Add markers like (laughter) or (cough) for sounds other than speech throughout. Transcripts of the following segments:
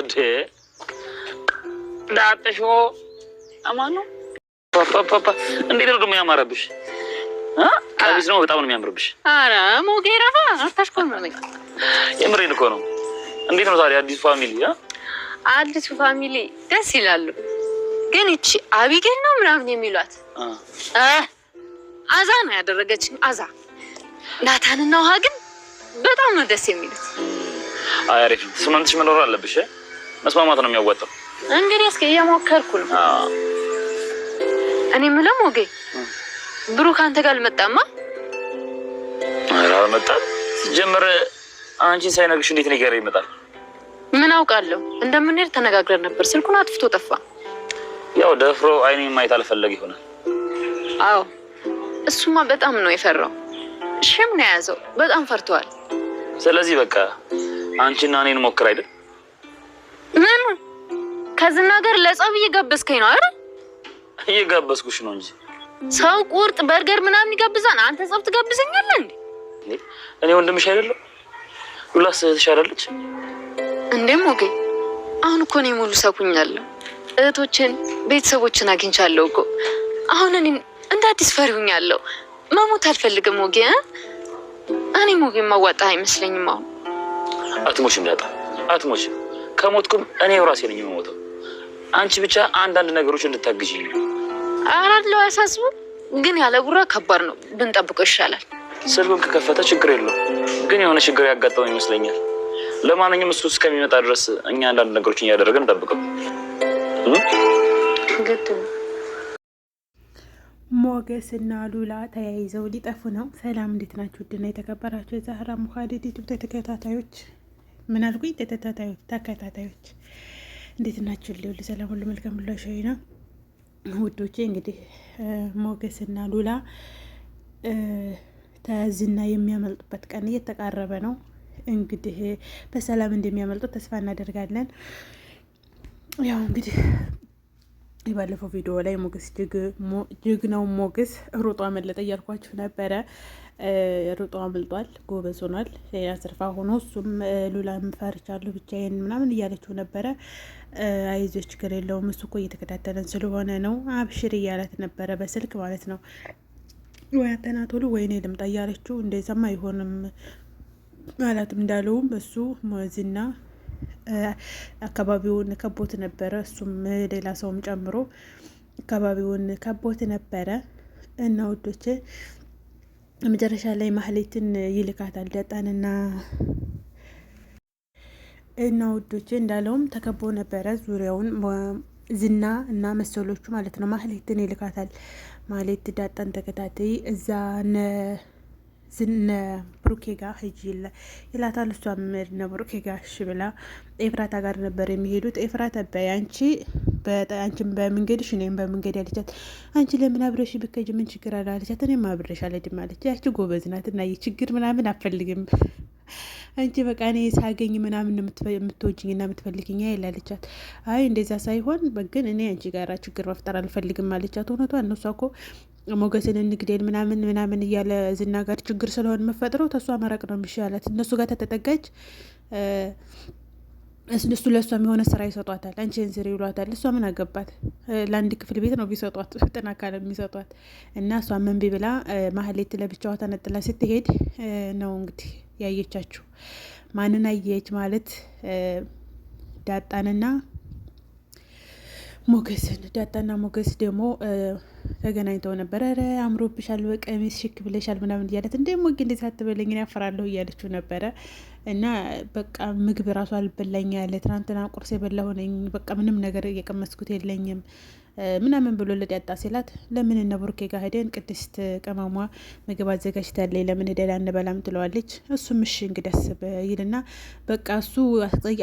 እንዴ እንዳጠሾ አማኑ እንዴት ነው ደግሞ ያማረብሽ? ቀሚስ ነው በጣም ነው የሚያምርብሽ። ኧረ ሞጌራ አታሽኮርመኝ። የምሬን እኮ ነው። እንዴት ነው ታዲያ አዲሱ ፋሚሊ? አዲሱ ፋሚሊ ደስ ይላሉ። ግን እቺ አቢጌል ነው ምናምን የሚሏት አዛ ነው ያደረገችኝ አዛ ናታንና ውሃ ግን በጣም ነው ደስ የሚሉት። አይ አሪፍ ስምንትሽ መኖር አለብሽ። መስማማት ነው የሚያዋጣው። እንግዲህ እስኪ እየሞከርኩ ነው። እኔ ምለም ሞጌ ብሩክ አንተ ጋር አልመጣማ። ኧረ አልመጣም። ሲጀምር አንቺን ሳይነግርሽ እንዴት ነገር ይመጣል? ምን አውቃለሁ። እንደምንሄድ ተነጋግረን ነበር። ስልኩን አጥፍቶ ጠፋ። ያው ደፍሮ አይኔ ማየት አልፈለግ ይሆናል። አዎ እሱማ በጣም ነው የፈራው። ሽም ነው የያዘው። በጣም ፈርተዋል። ስለዚህ በቃ አንቺና እኔን ሞክር አይደል? ምን ከዚህ ነገር ለጸብ እየጋበዝከኝ ነው አይደል? እየጋበዝኩሽ ነው እንጂ ሰው ቁርጥ፣ በርገር ምናምን ይጋብዛል። አንተ ጸብ ትጋብዘኛለህ እንዴ? እኔ ወንድምሽ አይደለሁ? ሉላስ ትሻላለች እንዴም? ወገ አሁን እኮ እኔ ሙሉ ሰኩኛለሁ። እህቶችን ቤተሰቦችን አግኝቻለሁ እኮ አሁን እኔ እንደ አዲስ ፈሪሁኛለሁ። መሞት አልፈልግም ወጌ እኔ ሙቪ ማዋጣ አይመስለኝም። አሁን አትሞሽም ዳጣ፣ አትሞሽም። ከሞትኩም እኔው ራሴ ነኝ የምሞተው። አንቺ ብቻ አንዳንድ ነገሮች እንድታግዥ። አራድለው ያሳስቡ፣ ግን ያለ ጉራ ከባድ ነው። ብንጠብቀው ይሻላል። ስልኩን ከከፈተ ችግር የለው፣ ግን የሆነ ችግር ያጋጠመው ይመስለኛል። ለማንኛውም እሱ እስከሚመጣ ድረስ እኛ አንዳንድ ነገሮችን እያደረገን እንጠብቀው። ሞገስ እና ሉላ ተያይዘው ሊጠፉ ነው። ሰላም እንዴት ናችሁ? ውድና የተከበራችሁ የዛህራ ሙካዴድ ዩቱብ ተከታታዮች ምን አልኩኝ? ተከታታዮች ተከታታዮች እንዴት ናችሁ? ሁሉ ሰላም፣ ሁሉ መልካም፣ ሁሉ ሸይ ነው ውዶቼ። እንግዲህ ሞገስ እና ሉላ ተያዝና የሚያመልጡበት ቀን እየተቃረበ ነው። እንግዲህ በሰላም እንደሚያመልጡ ተስፋ እናደርጋለን። ያው እንግዲህ የባለፈው ቪዲዮ ላይ ሞገስ ጅግ ነው ሞገስ ሩጦ አመለጠ እያልኳችሁ ነበረ። ሩጦ አምልጧል፣ ጎበዝ ሆኗል። ሌላ ስርፋ ሆኖ እሱም ሉላ ምፈርቻለሁ ብቻዬን ምናምን እያለችው ነበረ። አይዞ ችግር የለውም እሱ እኮ እየተከታተለን ስለሆነ ነው አብሽር እያላት ነበረ በስልክ ማለት ነው። ወይ ቶሎ ወይኔ ልምጣ እያለችው እንደዛማ አይሆንም አላትም። እንዳለውም እሱ ሞዝና አካባቢውን ከቦት ነበረ። እሱም ሌላ ሰውም ጨምሮ አካባቢውን ከቦት ነበረ እና ውዶች መጨረሻ ላይ ማህሌትን ይልካታል ዳጣንና እና ውዶች እንዳለውም ተከቦ ነበረ ዙሪያውን ዝና እና መሰሎቹ ማለት ነው። ማህሌትን ይልካታል። ማህሌት ዳጣን ተከታተይ እዛ ዝነ ብሩኬ ጋር ሂጂ ይላታል። እሷም እነ ብሩኬ ጋር እሺ ብላ ኤፍራታ ጋር ነበር የሚሄዱት። ኤፍራታ በያንቺ አንቺ አንቺን በመንገድሽ እኔም በመንገድ ያለቻት፣ አንቺ ለምን አብረሽ ብከጅ ምን ችግር አለ አለቻት። እኔም አብረሽ አለድ አለች። ያቺ ጎበዝ ናት እና ችግር ምናምን አፈልግም አንቺ በቃ እኔ ሳገኝ ምናምን የምትወጅኝ ና የምትፈልግኛ አይል አይ እንደዚያ ሳይሆን ግን እኔ አንቺ ጋራ ችግር መፍጠር አልፈልግም አለቻት። እውነቷ እነሷ እኮ ሞገስን እንግዴን ምናምን ምናምን እያለ ዝና ጋር ችግር ስለሆን መፈጥረው ተሷ መረቅ ነው የሚሻላት። እነሱ ጋር ተተጠጋች እሱ ለእሷ የሆነ ስራ ይሰጧታል። አንቺን ስሪ ይሏታል። እሷ ምን አገባት? ለአንድ ክፍል ቤት ነው ቢሰጧት ጥና ካለ የሚሰጧት እና እሷ መንቢ ብላ ማህሌት ለብቻዋ ተነጥላ ስትሄድ ነው እንግዲህ ያየቻችሁ። ማንን አየች ማለት ዳጣንና ሞገስን። ዳጣና ሞገስ ደግሞ ተገናኝተው ነበረ። ኧረ አምሮብሻል፣ በቀሚስ ሽክ ብለሻል ምናምን እያለት እንደ ሞግ እንዴት አትበለኝ ያፈራለሁ እያለችው ነበረ። እና በቃ ምግብ ራሱ አልበላኝ ያለ ትናንትና ቁርስ የበላ ሆነኝ፣ በቃ ምንም ነገር እየቀመስኩት የለኝም ምናምን ብሎ ለዳጣ ሲላት ለምን እነ ቡርኬ ጋር ሄደን ቅድስት ቀመሟ ምግብ አዘጋጅታለች ለምን ሄደን አንበላም ትለዋለች። እሱም እሺ እንግዲህ አስብ ይልና በቃ እሱ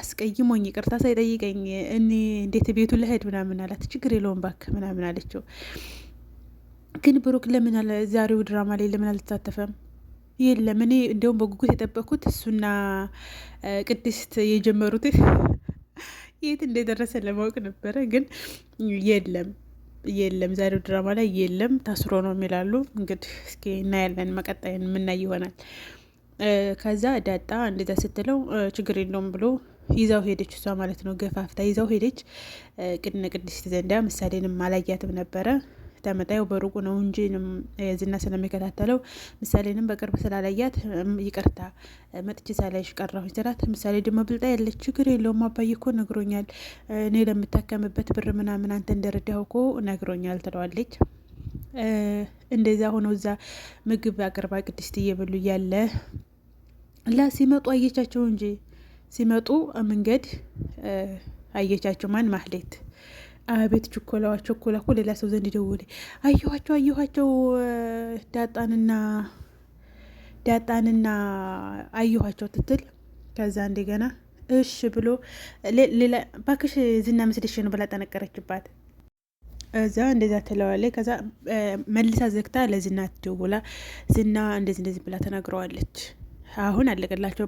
አስቀይሞኝ ይቅርታ ሳይጠይቀኝ እኔ እንዴት ቤቱ ልሄድ ምናምን አላት። ችግር የለውም እባክህ ምናምን አለችው። ግን ብሩክ ለምን ዛሬው ድራማ ላይ ለምን አልተሳተፈም? የለም እኔ እንደውም በጉጉት የጠበኩት እሱና ቅድስት የጀመሩት (laughs) የት እንደደረሰ ለማወቅ ነበረ። ግን የለም የለም ዛሬው ድራማ ላይ የለም፣ ታስሮ ነው የሚላሉ። እንግዲህ እስኪ እናያለን፣ መቀጣይን የምናይ ይሆናል። ከዛ ዳጣ እንደዛ ስትለው ችግር የለውም ብሎ ይዛው ሄደች። እሷ ማለት ነው ገፋፍታ ይዛው ሄደች። ቅድነ ቅድስት ዘንዳ ምሳሌንም አላያትም ነበረ ተመጣ በሩቁ ነው እንጂ ዝና ስለሚከታተለው ምሳሌንም በቅርብ ስላላያት ይቅርታ መጥቼ ሳላይሽ ቀረሁኝ ስላት፣ ምሳሌ ደግሞ ብልጣ ያለ ችግር የለውም አባዬ እኮ ነግሮኛል፣ እኔ ለምታከምበት ብር ምናምን አንተ እንደረዳው እኮ ነግሮኛል ትለዋለች። እንደዛ ሆነው እዛ ምግብ አቅርባ ቅድስት እየበሉ እያለ ላ ሲመጡ አየቻቸው እንጂ ሲመጡ መንገድ አየቻቸው። ማን ማህሌት አቤት ችኮላዋ ቸኮላ እኮ ሌላ ሰው ዘንድ ደወለ። አየኋቸው አየኋቸው ዳጣንና ዳጣንና አየኋቸው ትትል ከዛ እንደገና እሽ ብሎ ሌላ ባክሽ ዝና መስደሽ ነው ብላ ጠነቀረችባት። እዛ እንደዛ ትለዋለች። ከዛ መልሳ ዘግታ ለዝና ትደውላ ዝና እንደዚህ እንደዚህ ብላ ተናግረዋለች። አሁን አለቀላቸው።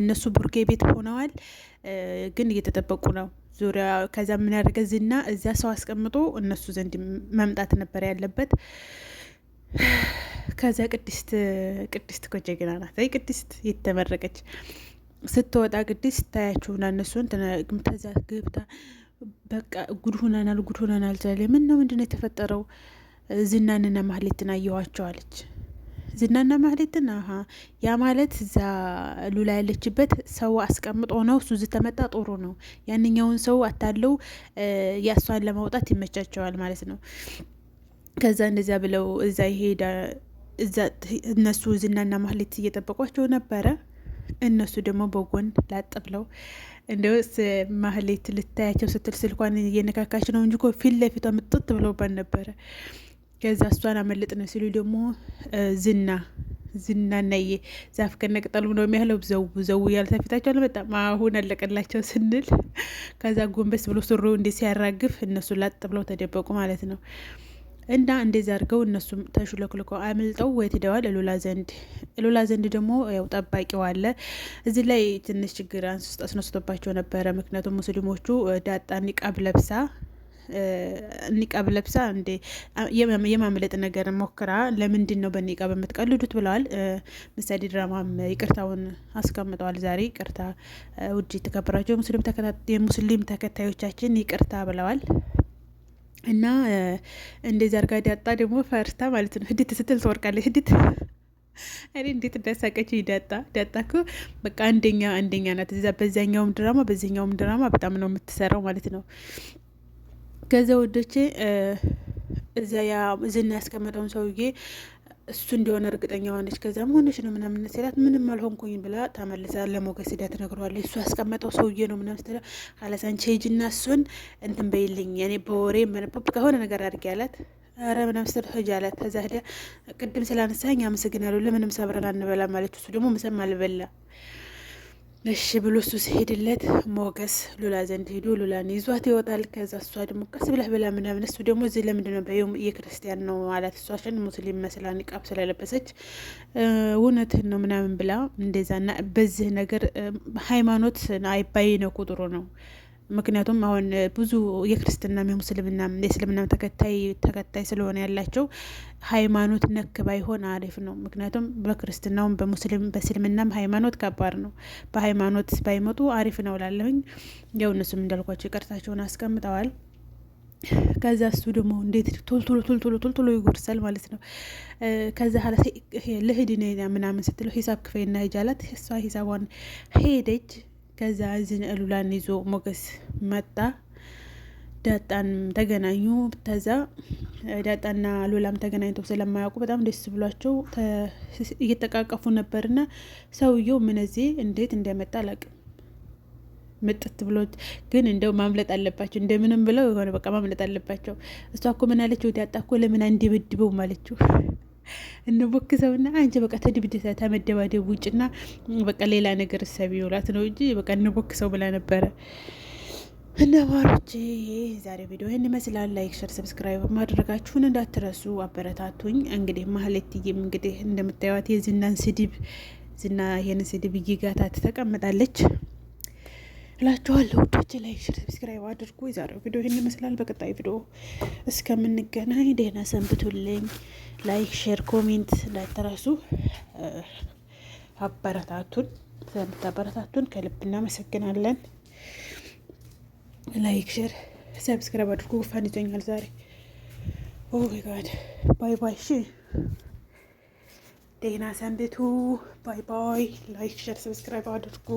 እነሱ ቡርጌ ቤት ሆነዋል፣ ግን እየተጠበቁ ነው ዙሪያ ከዛ ምን ያደርገ ዝና እዚያ ሰው አስቀምጦ እነሱ ዘንድ መምጣት ነበር ያለበት። ከዛ ቅድስት ቅድስት እኮ ጀግና ናት። ይ ቅድስት የተመረቀች ስትወጣ ቅድስት ታያችሁና እነሱን ተዛ ግብታ በቃ ጉድ ሆነናል፣ ጉድ ሆነናል። ምን ነው ምንድነው የተፈጠረው? ዝናንና ማህሌትን አለች። ዝናና ማህሌትን አሀ ያ ማለት እዛ ሉላ ያለችበት ሰው አስቀምጦ ነው። እሱ ዝተመጣ ጦሩ ነው። ያንኛውን ሰው አታለው ያሷን ለማውጣት ይመቻቸዋል ማለት ነው። ከዛ እንደዚያ ብለው እዛ ይሄዳ እዛ እነሱ ዝናና ማህሌት እየጠበቋቸው ነበረ። እነሱ ደግሞ በጎን ላጥ ብለው እንደውስ ማህሌት ልታያቸው ስትል ስልኳን እየነካካች ነው እንጂ ፊት ለፊቷ ምጥጥ ብለውባን ነበረ። ከዚያ እሷን አመለጥ ነው ሲሉ ደግሞ ዝና ዝና ዝናናዬ ዛፍ ከነቅጠሉ ነው የሚያለው። ዘው ዘው እያለ ተፊታቸው በጣም አሁን አለቀላቸው ስንል ከዛ ጎንበስ ብሎ ሱሪ እንዴት ሲያራግፍ እነሱ ላጥ ብለው ተደበቁ ማለት ነው። እና እንደዚ አድርገው እነሱም ተሽለክልኮ አምልጠው ወይት ሄደዋል እሉላ ዘንድ። እሉላ ዘንድ ደግሞ ያው ጠባቂው አለ። እዚህ ላይ ትንሽ ችግር አንስቶ አስነስቶባቸው ነበረ። ምክንያቱም ሙስሊሞቹ ዳጣ ኒቃብ ለብሳ ኒቃብ ለብሳ እንዴ የማምለጥ ነገር ሞክራ ለምንድን ነው በኒቃብ የምትቀልዱት? ብለዋል ምሳሌ ድራማም ይቅርታውን አስቀምጠዋል። ዛሬ ይቅርታ ውድ የተከበራቸው የሙስሊም ተከታዮቻችን ይቅርታ ብለዋል። እና እንደዚህ አርጋ ዳጣ ደግሞ ፈርታ ማለት ነው ህድት ስትል ትወርቃለች። ህድት (laughs) እኔ እንዴት እንዳሳቀች ዳጣ ዳጣ እኮ በቃ አንደኛ አንደኛ ናት። በዛኛውም ድራማ በዚኛውም ድራማ በጣም ነው የምትሰራው ማለት ነው። ከዚያ ወዶቼ እዚያ ያ ዝና ያስቀመጠውን ሰውዬ እሱ እንደሆነ እርግጠኛ ሆነች። ከዚያም ሆነች ነው ምናምን ሲላት ምንም አልሆንኩኝ ብላ ተመልሳ ለሞገስ ሄዳ ትነግረዋለች። እሱ ያስቀመጠው ሰውዬ ነው ምናምን ስትላት ካላስ አንቺ ሂጂና እሱን እንትን በይልኝ እኔ በወሬ መነበብ ከሆነ ነገር አድርጌ አላት። ኧረ ምናምን ስትል ሂጂ አላት። ከዛ ሄዳ ቅድም ስላነሳኝ አመሰግናለሁ፣ ለምንም ሰብረን አንበላም አለች። እሱ ደግሞ ምሰም አልበላ እሺ ብሎ እሱ ሲሄድለት ሞገስ ሉላ ዘንድ ሄዶ ሉላን ይዟት ይወጣል። ከዛ እሷ ደግሞ ቀስ ብለህ ብላ ምናምን እሱ ደግሞ እዚህ ለምንድን ነው በየውም የክርስቲያን ነው ማለት እሷ ሸን ሙስሊም መስላ ኒቃብ ስለለበሰች እውነትህን ነው ምናምን ብላ እንደዛና በዚህ ነገር ሃይማኖት አይባይ ነው ቁጥሩ ነው ምክንያቱም አሁን ብዙ የክርስትና የሙስልምናም የእስልምናም ተከታይ ተከታይ ስለሆነ ያላቸው ሃይማኖት ነክ ባይሆን አሪፍ ነው። ምክንያቱም በክርስትናውም በሙስሊም በእስልምናም ሃይማኖት ከባድ ነው። በሃይማኖት ባይመጡ አሪፍ ነው ላለሁኝ ያው እነሱም እንዳልኳቸው ይቅርታቸውን አስቀምጠዋል። ከዛ እሱ ደግሞ እንዴት ቶልቶሎ ቶልቶሎ ቶልቶሎ ይጎርሳል ማለት ነው። ከዛ ኋላ ልሂድ ምናምን ስትለው ሂሳብ ክፈይና ሂጅ አላት። እሷ ሂሳቧን ሄደች። ከዛ እዝን እሉላን ይዞ ሞገስ መጣ። ዳጣን ተገናኙ። ተዛ ዳጣና ሉላም ተገናኝተው ስለማያውቁ በጣም ደስ ብሏቸው እየተቃቀፉ ነበርና ሰውየው ምንዜ እንዴት እንደመጣ አላውቅም። ምጥት ብሎት ግን እንደው ማምለጥ አለባቸው እንደምንም ብለው የሆነ በቃ ማምለጥ አለባቸው። እሷ እኮ ምን አለችው? ዳጣ እኮ ለምን አንደበድበው ማለችው እንቦክሰውና አንቺ በቃ ተድብድሳ ተመደባደብ ውጭና በቃ ሌላ ነገር ሰብ ይውላት ነው እንጂ በቃ እንቦክሰው ብላ ነበረ። እነባሮች ዛሬ ቪዲዮ ይህን ይመስላል። ላይክ፣ ሸር፣ ሰብስክራይብ ማድረጋችሁን እንዳትረሱ አበረታቱኝ። እንግዲህ ማህሌትዬም እንግዲህ እንደምታዩት የዝናን ስድብ ዝና ይህን ስድብ እየጋታት ተቀምጣለች። እላችኋለሁ። ውዶች ላይ ሰብስክራይብ አድርጉ። የዛሬው ቪዲዮ ይህን ይመስላል። በቀጣይ ቪዲዮ እስከምንገናኝ ደህና ሰንብቱልኝ። ላይክ፣ ሼር፣ ኮሜንት እንዳይተረሱ አበረታቱን። ስለምታበረታቱን ከልብ እናመሰግናለን። ላይክ፣ ሼር፣ ሰብስክራይብ አድርጉ። ጉፋን ይዞኛል ዛሬ። ኦ ማይ ጋድ። ባይ ባይ። እሺ ደህና ሰንብቱ። ባይ ባይ። ላይክ ሸር ሰብስክራይብ አድርጉ።